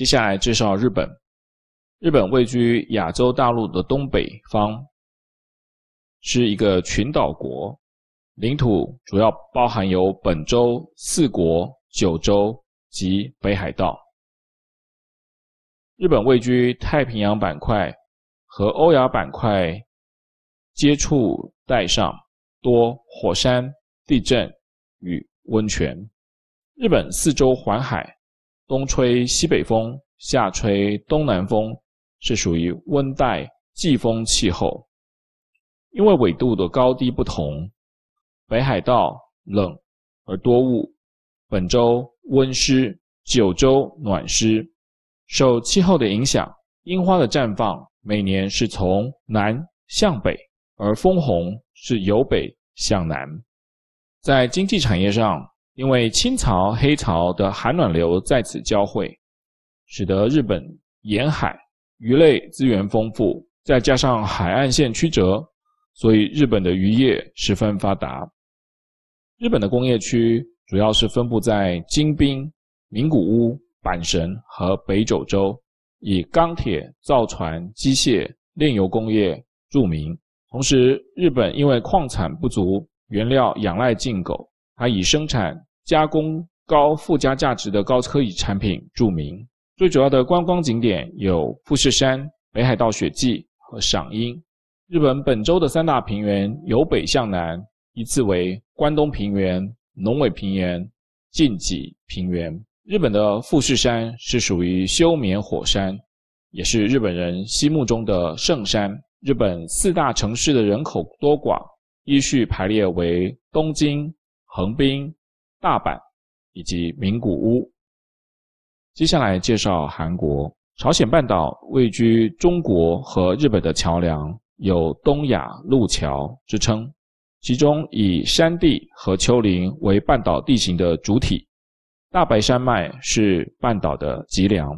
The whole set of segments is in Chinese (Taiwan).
接下來介紹日本。日本位居亞洲大陸的東北方，是一個群島國，領土主要包含有本州、四國、九州及北海道。日本位居太平洋板塊和歐亞板塊接觸帶上，多火山、地震與溫泉。日本四周環海。冬吹西北風，夏吹東南風，是屬於溫帶季風氣候。因為緯度的高低不同，北海道冷而多霧，本州溫濕，九州暖濕。受氣候的影響，櫻花的綻放每年是從南向北，而楓紅是由北向南。在經濟產業上。因為親潮、黑潮的寒暖流在此交匯，使得日本沿海魚類資源豐富，再加上海岸線曲折，所以日本的漁業十分發達。日本的工業區主要是分布在京濱、名古屋、阪神和北九州，以鋼鐵、造船、機械、煉油工業著名。同時，日本因為礦產不足，原料仰賴進口，它以生產加工高附加價值的高科技產品著名。最主要的觀光景點有富士山、北海道雪季和賞櫻。日本本州的三大平原由北向南依次為關東平原、濃尾平原、近畿平原。日本的富士山是屬於休眠火山，也是日本人心目中的聖山。日本四大城市的人口多寡依序排列為東京、橫濱。大阪以及名古屋。接下來介紹韓國、朝鮮半島位居中國和日本的橋樑，有“東亞陸橋”之稱。其中以山地和丘陵為半島地形的主體，大白山脈是半島的脊梁。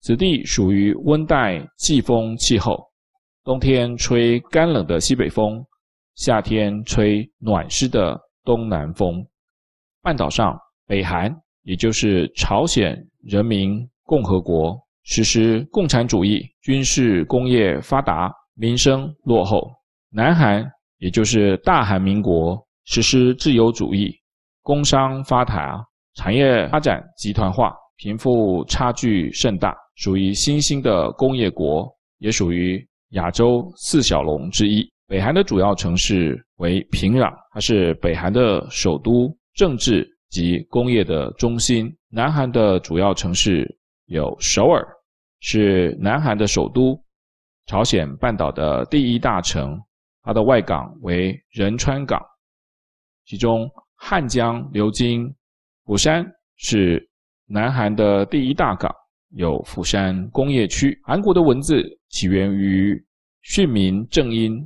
此地屬於溫帶季風氣候，冬天吹乾冷的西北風，夏天吹暖濕的東南風。半島上，北韓也就是朝鮮人民共和國實施共產主義，軍事工業發達，民生落後；南韓也就是大韓民國實施自由主義，工商發達，產業發展集團化，貧富差距甚大，屬於新興的工業國，也屬於亞洲四小龍之一。北韓的主要城市為平壤，它是北韓的首都，政治及工業的中心。南韓的主要城市有首爾，是南韓的首都，朝鮮半島的第一大城。它的外港為仁川港，其中漢江流經釜山，是南韓的第一大港，有釜山工業區。韓國的文字起源於訓民正音，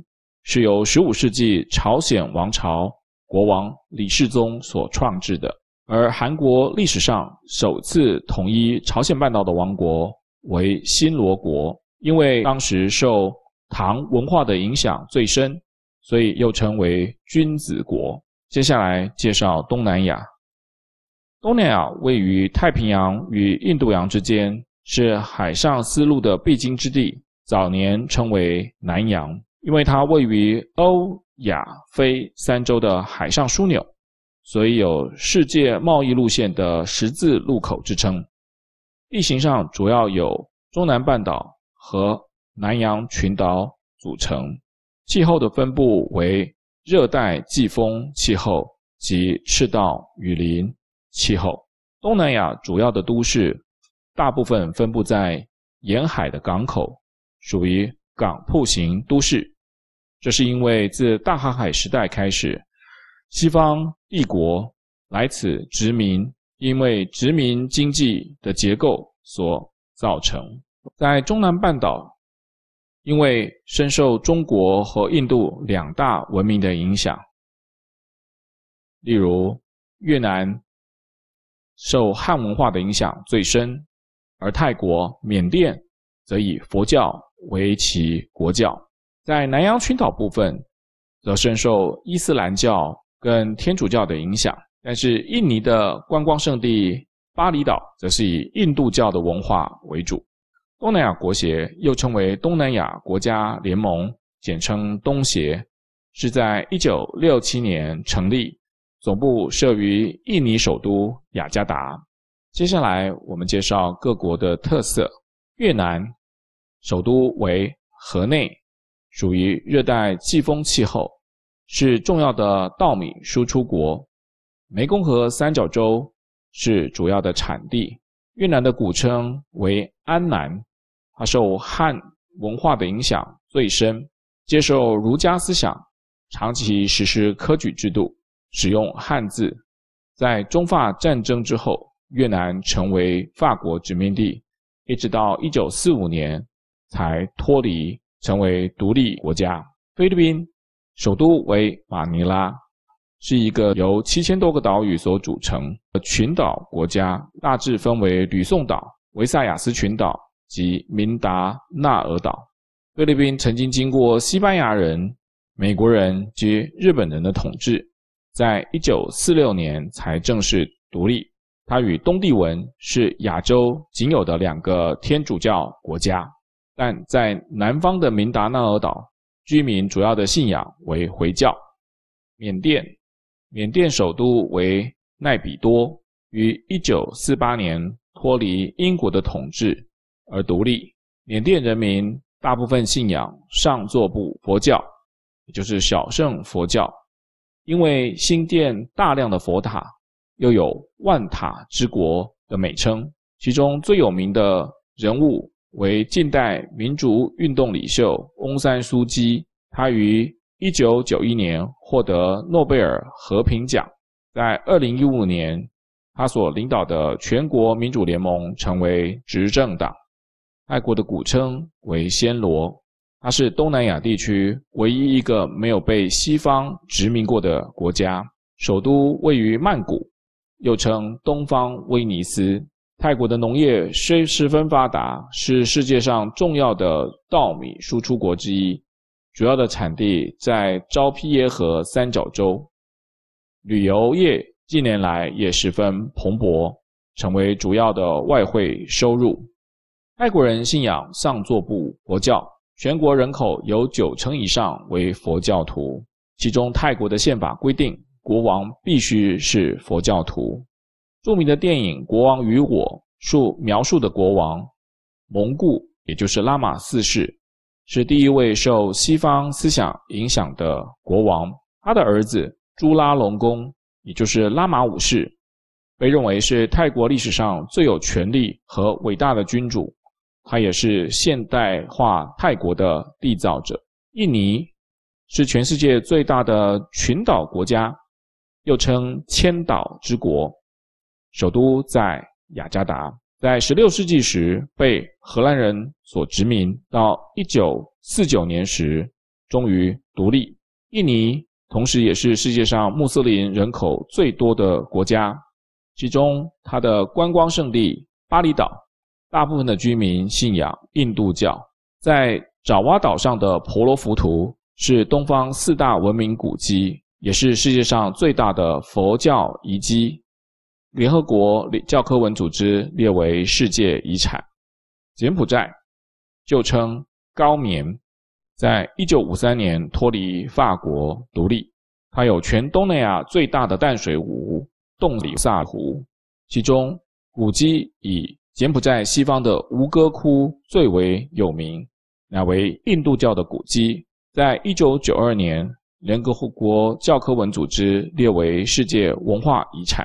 是由15世紀朝鮮王朝國王李世宗所創製的，而韓國歷史上首次統一朝鮮半島的王國為新羅國，因為當時受唐文化的影響最深，所以又稱為君子國。接下來介紹東南亞。東南亞位於太平洋與印度洋之間，是海上絲路的必經之地，早年稱為南洋，因為它位於歐。亞非三洲的海上樞紐，所以有世界貿易路線的十字路口之稱。地形上主要有中南半島和南洋群島組成。氣候的分布為熱帶季風氣候及赤道雨林氣候。東南亞主要的都市大部分分布在沿海的港口，屬於港埠型都市。這是因為自大航海時代開始，西方帝國來此殖民，因為殖民經濟的結構所造成。在中南半島，因為深受中國和印度兩大文明的影響，例如越南受漢文化的影響最深，而泰國、緬甸則以佛教為其國教。在南洋群島部分，則深受伊斯蘭教跟天主教的影響。但是，印尼的觀光勝地巴厘島，則是以印度教的文化為主。東南亞國協又稱為東南亞國家聯盟，簡稱東協，是在1967年成立，總部設於印尼首都雅加達。接下來，我們介紹各國的特色。越南，首都為河內。屬於熱帶季風氣候，是重要的稻米輸出國。湄公河三角洲是主要的產地。越南的古稱為安南，它受漢文化的影響最深，接受儒家思想，長期實施科舉制度，使用漢字。在中法戰爭之後，越南成為法國殖民地，一直到一九四五年才脫離。成為獨立國家。菲律賓首都為馬尼拉，是一個由七千多個島嶼所組成的群島國家，大致分為呂宋島、維薩亞斯群島及明達納爾島。菲律賓曾經經過西班牙人、美國人及日本人的統治，在一九四六年才正式獨立。它與東帝汶是亞洲僅有的兩個天主教國家。但在南方的明達納爾島，居民主要的信仰為回教。緬甸，緬甸首都為奈比多，於一九四八年脫離英國的統治而獨立。緬甸人民大部分信仰上座部佛教，也就是小乘佛教。因為新建大量的佛塔，又有“萬塔之國”的美稱。其中最有名的人物，為近代民族運動領袖翁山蘇姬，他於一九九一年獲得諾貝爾和平獎。在二零一五年，他所領導的全國民主聯盟成為執政黨。泰國的古稱為暹羅，它是東南亞地區唯一一個沒有被西方殖民過的國家。首都位於曼谷，又稱東方威尼斯。泰國的農業雖十分發達，是世界上重要的稻米輸出國之一，主要的產地在昭披耶河三角洲。旅遊業近年來也十分蓬勃，成為主要的外匯收入。泰國人信仰上座部佛教，全國人口有九成以上為佛教徒，其中泰國的憲法規定，國王必須是佛教徒。著名的電影《國王與我》述描述的國王，蒙固，也就是拉瑪四世，是第一位受西方思想影響的國王。他的兒子朱拉隆功，也就是拉瑪五世，被認為是泰國歷史上最有權力和偉大的君主。他也是現代化泰國的締造者。印尼是全世界最大的群島國家，又稱千島之國。首都在雅加達，在16世紀時被荷蘭人所殖民，到1949年時終於獨立。印尼同時也是世界上穆斯林人口最多的國家，其中它的觀光勝地巴厘島，大部分的居民信仰印度教。在爪哇島上的婆羅浮屠是東方四大文明古蹟，也是世界上最大的佛教遺跡。聯合國教科文組織列為世界遺產，柬埔寨，舊稱高棉，在一九五三年脫離法國獨立。它有全東南亞最大的淡水湖洞裡薩湖，其中古蹟以柬埔寨西方的吳哥窟最為有名，乃為印度教的古蹟，在一九九二年，聯合國教科文組織列為世界文化遺產。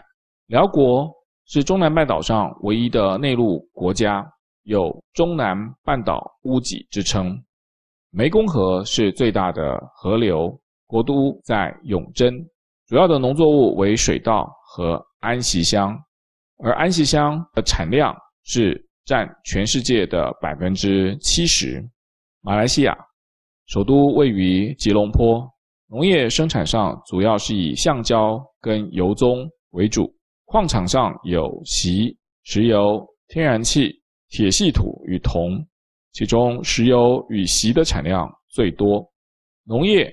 寮國是中南半島上唯一的內陸國家，有中南半島屋脊之稱。湄公河是最大的河流，國都在永珍，主要的農作物為水稻和安息香，而安息香的產量是占全世界的百分之七十。馬來西亞，首都位於吉隆坡，農業生產上主要是以橡膠跟油棕為主。礦場上有錫、石油、天然氣、鐵系土與銅，其中石油與錫的產量最多。農業、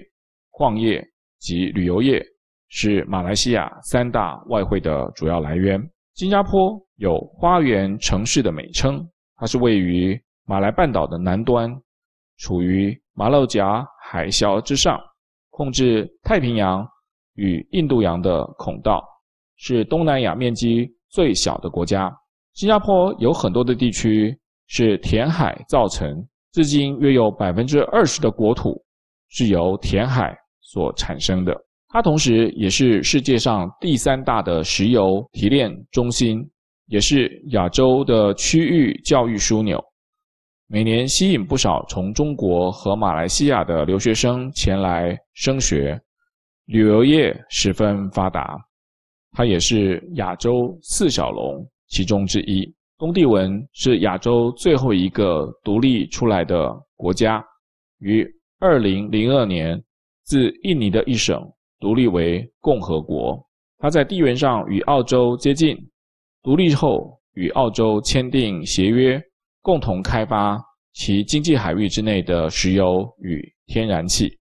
礦業及旅遊業是馬來西亞三大外匯的主要來源。新加坡有“花園城市”的美稱，它是位於馬來半島的南端，處於馬六甲海峽之上，控制太平洋與印度洋的孔道。是東南亞面積最小的國家。新加坡有很多的地區是填海造成，至今約有百分之二十的國土是由填海所產生的。它同時也是世界上第三大的石油提煉中心，也是亞洲的區域教育樞紐，每年吸引不少從中國和馬來西亞的留學生前來升學。旅遊業十分發達。它也是亞洲四小龍其中之一。東帝汶是亞洲最後一個獨立出來的國家，於二零零二年自印尼的一省獨立為共和國。它在地緣上與澳洲接近，獨立後與澳洲簽訂協約，共同開發其經濟海域之內的石油與天然氣。